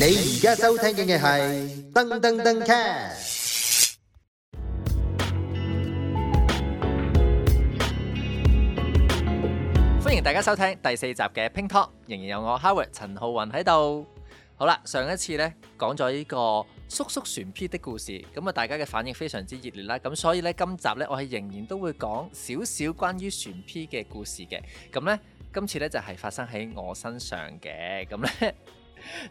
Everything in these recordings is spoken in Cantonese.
你而家收聽嘅係噔噔噔 cast，歡迎大家收聽第四集嘅 Ping Talk，仍然有我 Howard 陳浩雲喺度。好啦，上一次呢講咗呢個叔叔船 P 的故事，咁啊大家嘅反應非常之熱烈啦，咁所以呢今集呢我係仍然都會講少少關於船 P 嘅故事嘅，咁呢今次呢就係發生喺我身上嘅，咁呢。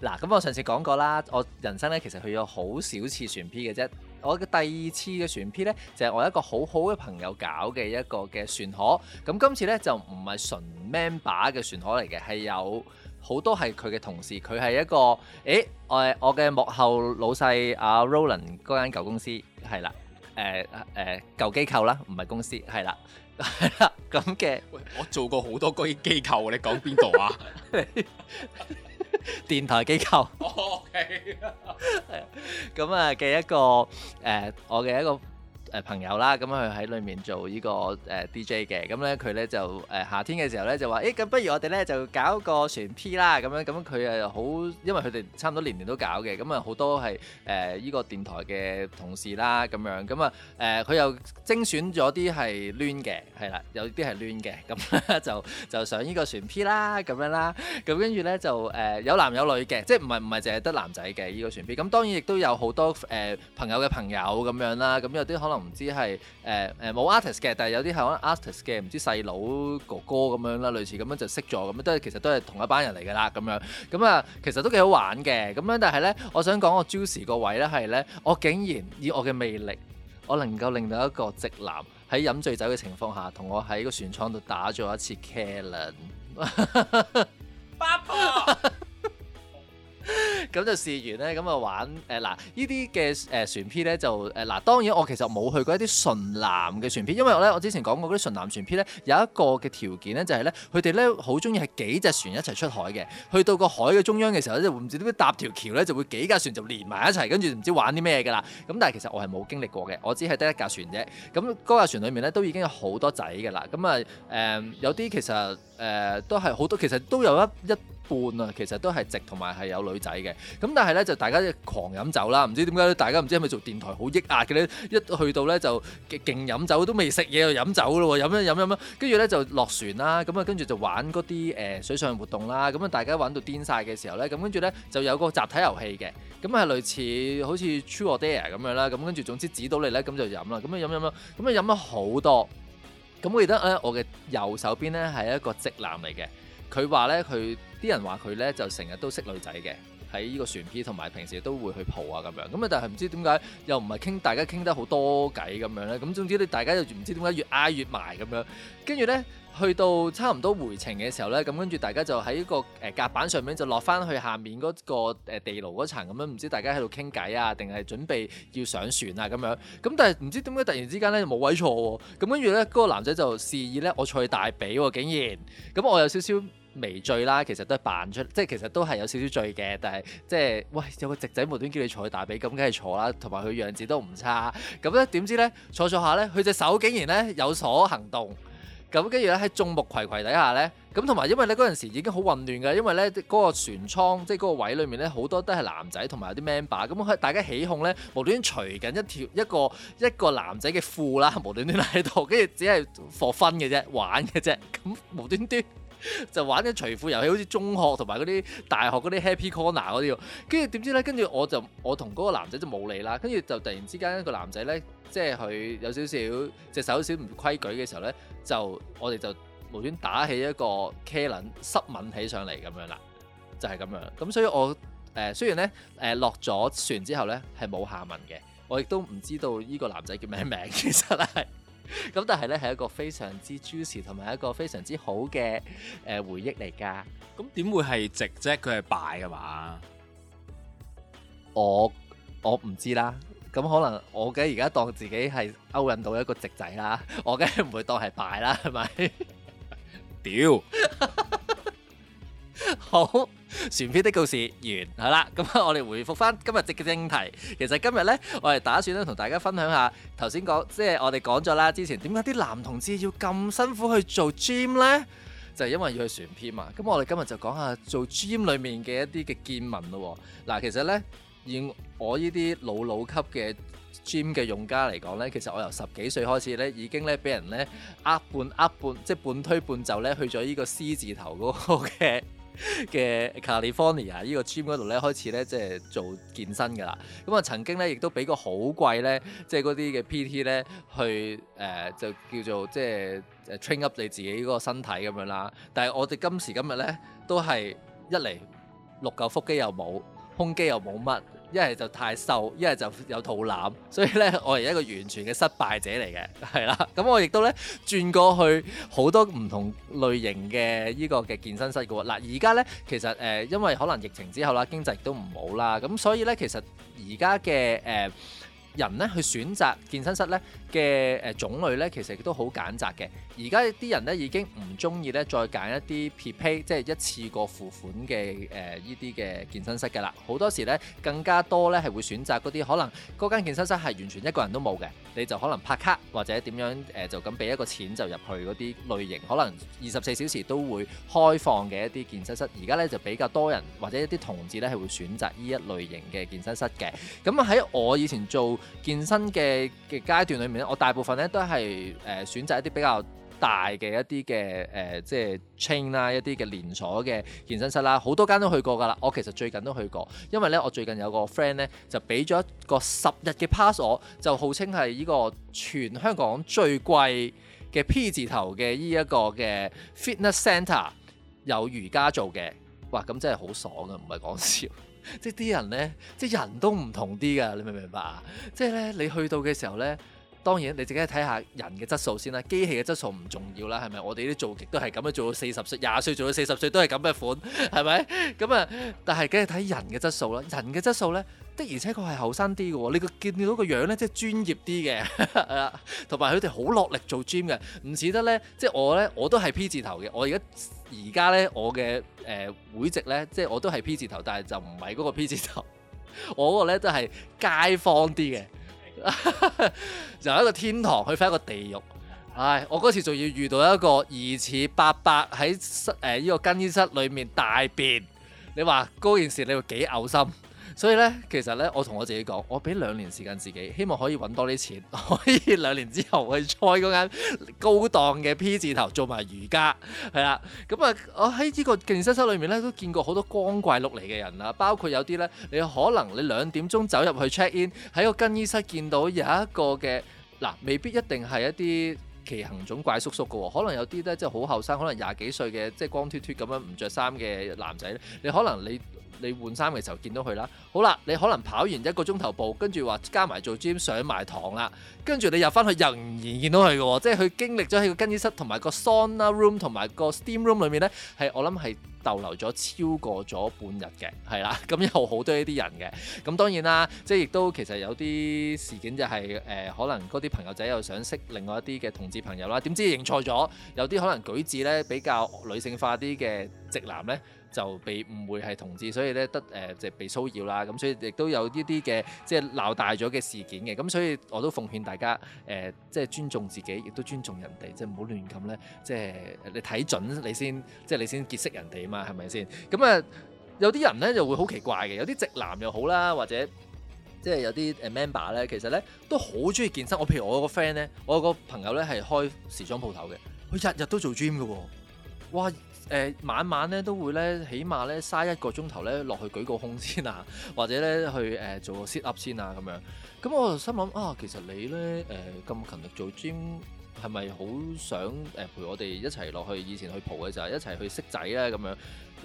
嗱，咁我上次講過啦，我人生咧其實去咗好少次船 P 嘅啫。我嘅第二次嘅船 P 咧，就係、是、我一個好好嘅朋友搞嘅一個嘅船河。咁今次咧就唔係純 member 嘅船河嚟嘅，係有好多係佢嘅同事。佢係一個誒，我我嘅幕後老細阿、啊、Roland 嗰間舊公司係啦，誒誒、呃呃、舊機構啦，唔係公司係啦係啦咁嘅。喂，我做過好多嗰啲機構，你講邊度啊？ 電台機構、oh,OK，係啊， 咁啊嘅一個誒，我嘅一個。呃朋友啦，咁佢喺裏面做個、呃、呢個誒 DJ 嘅，咁咧佢咧就誒、呃、夏天嘅時候咧就話誒咁不如我哋咧就搞個船 P 啦，咁樣咁佢誒好，因為佢哋差唔多年年都搞嘅，咁啊好多係誒呢個電台嘅同事啦，咁樣咁啊誒佢又精選咗啲係攣嘅，係啦，有啲係攣嘅，咁就就上呢個船 P 啦，咁樣啦，咁跟住咧就誒、呃、有男有女嘅，即係唔係唔係淨係得男仔嘅呢個船 P，咁當然亦都有好多誒、呃、朋友嘅朋友咁樣啦，咁有啲可能。唔知係誒誒冇、呃、artist 嘅，但係有啲係可能 artist 嘅，唔知細佬哥哥咁樣啦，類似咁樣就識咗，咁都係其實都係同一班人嚟噶啦，咁樣咁啊，其實都幾好玩嘅，咁樣但係咧，我想講我 Juice 個位咧係咧，我竟然以我嘅魅力，我能夠令到一個直男喺飲醉酒嘅情況下，同我喺個船艙度打咗一次 Karen， 八婆。 咁就試完咧，咁啊玩誒嗱、呃呃、呢啲嘅誒船 P 咧就誒嗱、呃，當然我其實冇去過一啲純藍嘅船 P，因為咧我，我之前講過嗰啲純藍船 P 咧有一個嘅條件咧就係咧佢哋咧好中意係幾隻船一齊出海嘅，去到個海嘅中央嘅時候咧，唔知點樣搭條橋咧就會幾架船就連埋一齊，跟住唔知玩啲咩嘅啦。咁但係其實我係冇經歷過嘅，我只係得一架船啫。咁嗰架船裡面咧都已經有好多仔嘅啦。咁啊誒有啲其實。誒、呃、都係好多，其實都有一一半啊，其實都係直同埋係有女仔嘅。咁但係咧就大家狂飲酒啦，唔知點解大家唔知係咪做電台好抑壓嘅咧？一去到咧就勁飲酒，都未食嘢就飲酒咯喎，飲啦飲飲啦，跟住咧就落船啦，咁啊跟住就玩嗰啲誒水上活動啦，咁啊大家玩到癲晒嘅時候咧，咁跟住咧就有個集體遊戲嘅，咁係類似好似 True or Dare 咁樣啦，咁跟住總之指到你咧咁就飲啦，咁啊飲飲啦，咁啊飲咗好多。咁我記得我嘅右手邊咧係一個直男嚟嘅，佢話咧佢啲人話佢咧就成日都識女仔嘅。喺呢個船 P 同埋平時都會去蒲啊咁樣，咁啊但係唔知點解又唔係傾大家傾得好多偈咁樣咧，咁總之咧大家又唔知點解越挨越埋咁樣，跟住咧去到差唔多回程嘅時候咧，咁跟住大家就喺個誒甲板上面就落翻去下面嗰個地牢嗰層咁樣，唔知大家喺度傾偈啊，定係準備要上船啊咁樣，咁但係唔知點解突然之間咧冇位坐喎、啊，咁跟住咧嗰個男仔就示意咧我坐大髀喎、啊，竟然，咁我有少少。微醉啦，其實都係扮出，即係其實都係有少少醉嘅，但係即係喂有個直仔無端叫你坐去大髀，咁梗係坐啦。同埋佢樣子都唔差，咁咧點知咧坐坐下咧，佢隻手竟然咧有所行動，咁跟住咧喺眾目睽睽底下咧，咁同埋因為咧嗰陣時已經好混亂嘅，因為咧嗰個船艙即係嗰個位裏面咧好多都係男仔同埋有啲 member 咁，大家起哄咧，無端端除緊一條一個一個男仔嘅褲啦，無端端喺度，跟住只係 for fun 嘅啫，玩嘅啫，咁無端端。 就玩啲除褲遊戲，好似中學同埋嗰啲大學嗰啲 Happy Corner 嗰啲喎，跟住點知呢？跟住我就我同嗰個男仔就冇理啦，跟住就突然之間一個男仔呢，即係佢有少少隻手少唔規矩嘅時候呢，就我哋就無端打起一個 K 欄濕吻起上嚟咁樣啦，就係、是、咁樣。咁所以我誒、呃、雖然呢，誒落咗船之後呢，係冇下文嘅，我亦都唔知道呢個男仔叫咩名，其實係。咁 但係咧，係一個非常之 juicy，同埋一個非常之好嘅誒、呃、回憶嚟噶。咁點會係直啫？佢係拜噶嘛？我我唔知啦。咁可能我梗而家當自己係勾引到一個直仔啦，我梗係唔會當係拜啦，係咪？屌！ 好，船票的故事完，好啦，咁我哋回復翻今日直嘅正題。其實今日呢，我哋打算咧同大家分享下頭先講，即係我哋講咗啦，之前點解啲男同志要咁辛苦去做 gym 呢？就係、是、因為要去船票嘛。咁我哋今日就講下做 gym 裏面嘅一啲嘅見聞咯。嗱，其實呢，以我呢啲老老級嘅 gym 嘅用家嚟講呢，其實我由十幾歲開始呢已經呢俾人呢呃半呃半，即係半推半就呢去咗呢個 C 字頭嗰、那個嘅。嘅 California 依個 team 嗰度咧，開始咧，即係做健身噶啦，咁啊，曾經咧亦都俾個好貴咧，即係嗰啲嘅 PT 咧去誒、呃、就叫做即係 train up 你自己嗰個身體咁樣啦，但係我哋今時今日咧都係一嚟六嚿腹肌又冇，胸肌又冇乜。一係就太瘦，一係就有肚腩，所以咧我係一個完全嘅失敗者嚟嘅，係啦。咁 我亦都咧轉過去好多唔同類型嘅呢個嘅健身室嘅喎。嗱，而家咧其實誒，因為可能疫情之後啦，經濟都唔好啦，咁所以咧其實而家嘅誒人咧去選擇健身室咧嘅誒種類咧，其實都好簡窄嘅。而家啲人咧已經唔中意咧再揀一啲 prepay，即係一次過付款嘅誒呢啲嘅健身室嘅啦。好多時咧更加多咧係會選擇嗰啲可能嗰間健身室係完全一個人都冇嘅，你就可能拍卡或者點樣誒、呃、就咁俾一個錢就入去嗰啲類型，可能二十四小時都會開放嘅一啲健身室。而家咧就比較多人或者一啲同志咧係會選擇呢一類型嘅健身室嘅。咁喺我以前做健身嘅嘅階段裏面咧，我大部分咧都係誒、呃、選擇一啲比較。大嘅一啲嘅誒，即係 chain 啦，一啲嘅連鎖嘅健身室啦，好多間都去過㗎啦。我其實最近都去過，因為咧我最近有個 friend 咧就俾咗一個十日嘅 pass 我，就號稱係呢個全香港最貴嘅 P 字頭嘅呢一個嘅 fitness center 有瑜伽做嘅，哇！咁真係好爽㗎啊，唔係講笑。即係啲人咧，即係人都唔同啲㗎，你明唔明白啊？即係咧你去到嘅時候咧。當然，你自己睇下人嘅質素先啦，機器嘅質素唔重要啦，係咪？我哋啲做極都係咁樣做到四十歲，廿歲做到四十歲都係咁嘅款，係咪？咁啊，但係梗係睇人嘅質素啦。人嘅質素咧，的而且確係後生啲嘅喎。你個見到個樣咧，即係專業啲嘅，同埋佢哋好落力做 gym 嘅，唔似得咧，即係我咧我都係 P 字頭嘅。我而家而家咧我嘅誒、呃、會籍咧，即係我都係 P 字頭，但係就唔係嗰個 P 字頭。我嗰個咧都係街坊啲嘅。由 一個天堂去返一個地獄。唉！我嗰次仲要遇到一個疑似伯伯，喺室誒呢個更衣室裏面大便，你話嗰件事你會幾嘔心？所以咧，其實咧，我同我自己講，我俾兩年時間自己，希望可以揾多啲錢，可以兩年之後去開嗰間高檔嘅 P 字頭做埋瑜伽，係啦。咁、嗯、啊，我喺呢個健身室裏面咧，都見過好多光怪陸離嘅人啊，包括有啲咧，你可能你兩點鐘走入去 check in，喺個更衣室見到有一個嘅，嗱，未必一定係一啲奇行種怪叔叔㗎，可能有啲咧，即係好後生，可能廿幾歲嘅，即係光脫脫咁樣唔着衫嘅男仔，你可能你。你換衫嘅時候見到佢啦，好啦，你可能跑完一個鐘頭步，跟住話加埋做 gym 上埋堂啦，跟住你入翻去仍然見到佢嘅喎，即係佢經歷咗喺個更衣室同埋個 sauna room 同埋個 steam room 裏面呢，係我諗係逗留咗超過咗半日嘅，係啦，咁有好多呢啲人嘅，咁當然啦，即係亦都其實有啲事件就係、是、誒、呃，可能嗰啲朋友仔又想識另外一啲嘅同志朋友啦，點知認錯咗，有啲可能舉止呢，比較女性化啲嘅直男呢。就被誤會係同志，所以咧得誒，即、呃、係被騷擾啦。咁所以亦都有呢啲嘅，即係鬧大咗嘅事件嘅。咁所以我都奉勸大家誒、呃，即係尊重自己，亦都尊重人哋，即係唔好亂咁咧。即係你睇準你先，即係你先結識人哋啊嘛，係咪先？咁啊，有啲人咧就會好奇怪嘅，有啲直男又好啦，或者即係有啲誒 member 咧，其實咧都好中意健身。我譬如我個 friend 咧，我個朋友咧係開時裝鋪頭嘅，佢日日都做 gym 嘅喎，哇！誒、呃、晚晚咧都會咧，起碼咧嘥一個鐘頭咧落去舉個胸先啊，或者咧去誒、呃、做個 sit up 先啊咁樣。咁我就心諗啊，其實你咧誒咁勤力做 gym，係咪好想誒、呃、陪我哋一齊落去？以前去蒲嘅時候，一齊去識仔咧、啊、咁樣。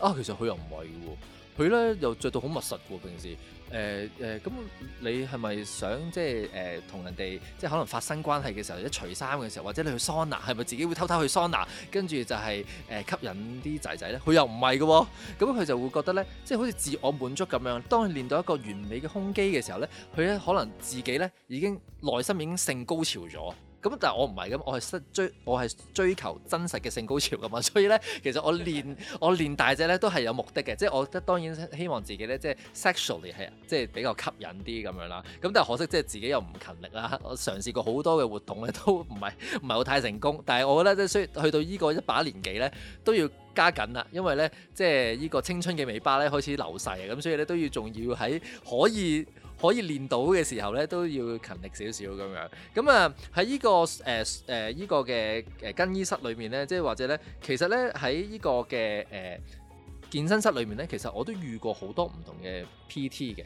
啊，其實佢又唔係喎。佢咧又着到好密實喎，平時誒誒，咁、呃、你係咪想、呃、即係誒同人哋即係可能發生關係嘅時候，一除衫嘅時候，或者你去桑拿，係咪自己會偷偷去桑拿，跟住就係、是、誒、呃、吸引啲仔仔咧？佢又唔係嘅喎，咁佢就會覺得咧，即係好似自我滿足咁樣。當佢練到一個完美嘅胸肌嘅時候咧，佢咧可能自己咧已經內心已經性高潮咗。咁但係我唔係咁，我係追我係追求真實嘅性高潮噶嘛，所以咧其實我練 我練大隻咧都係有目的嘅，即係我覺得當然希望自己咧即係 sexually 係即係比較吸引啲咁樣啦。咁但係可惜即係自己又唔勤力啦，我嘗試過好多嘅活動咧都唔係唔係好太成功。但係我覺得即係需去到呢個一把年紀咧都要加緊啦，因為咧即係呢個青春嘅尾巴咧開始流逝啊，咁所以咧都要仲要喺可以。可以練到嘅時候咧，都要勤力少少咁樣。咁啊喺呢個誒誒依個嘅誒更衣室裏面咧，即係或者咧，其實咧喺呢個嘅誒、呃、健身室裏面咧，其實我都遇過好多唔同嘅 PT 嘅。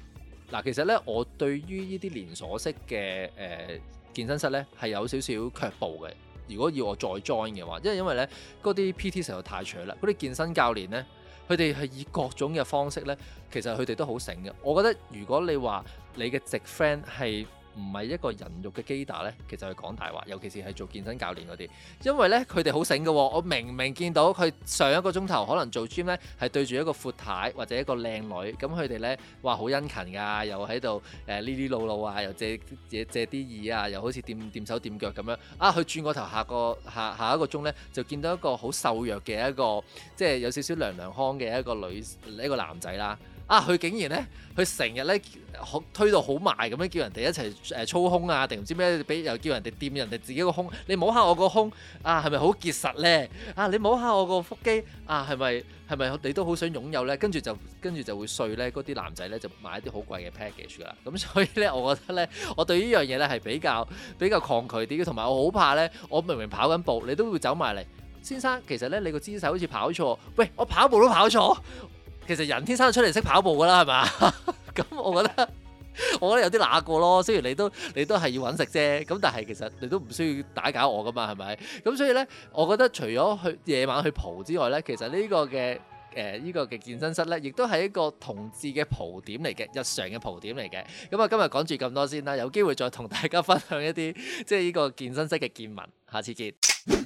嗱、啊，其實咧我對於呢啲連鎖式嘅誒、呃、健身室咧係有少少卻步嘅。如果要我再 join 嘅話，即係因為咧嗰啲 PT 實在太蠢啦，嗰啲健身教練咧。佢哋係以各種嘅方式咧，其實佢哋都好醒嘅。我覺得如果你話你嘅直 friend 係，唔係一個人肉嘅機打呢，其實係講大話，尤其是係做健身教練嗰啲，因為呢，佢哋好醒嘅喎。我明明見到佢上一個鐘頭可能做 gym 呢，係對住一個闊太或者一個靚女，咁佢哋呢，嘩好殷勤㗎，又喺度誒呢呢囉囉啊，又借借借啲意啊，又好似掂手掂腳咁樣。啊，佢轉個頭下個下下一個鐘呢，就見到一個好瘦弱嘅一個，即係有少少娘娘腔嘅一個女一個男仔啦。啊！佢竟然咧，佢成日咧好推到好埋咁樣，叫人哋一齊誒操胸啊，定唔知咩？俾又叫人哋掂人哋自己個胸，你摸下我個胸啊，係咪好結實咧？啊，你摸下我個腹肌啊，係咪係咪你都好想擁有咧？跟住就跟住就會碎咧。嗰啲男仔咧就買一啲好貴嘅 package 啦。咁、啊、所以咧，我覺得咧，我對呢樣嘢咧係比較比較抗拒啲，嘅。同埋我好怕咧。我明明跑緊步，你都會走埋嚟。先生，其實咧你個姿勢好似跑錯。喂，我跑步都跑錯。其實人天生出嚟識跑步㗎啦，係嘛？咁、 嗯、我覺得，我覺得有啲哪個咯。雖然你都你都係要搵食啫，咁但係其實你都唔需要打攪我㗎嘛，係咪？咁、嗯、所以呢，我覺得除咗去夜晚去蒲之外呢，其實呢個嘅誒呢個嘅健身室呢，亦都係一個同志嘅蒲點嚟嘅，日常嘅蒲點嚟嘅。咁、嗯、啊，今日講住咁多先啦，有機會再同大家分享一啲即係呢個健身室嘅見聞。下次見。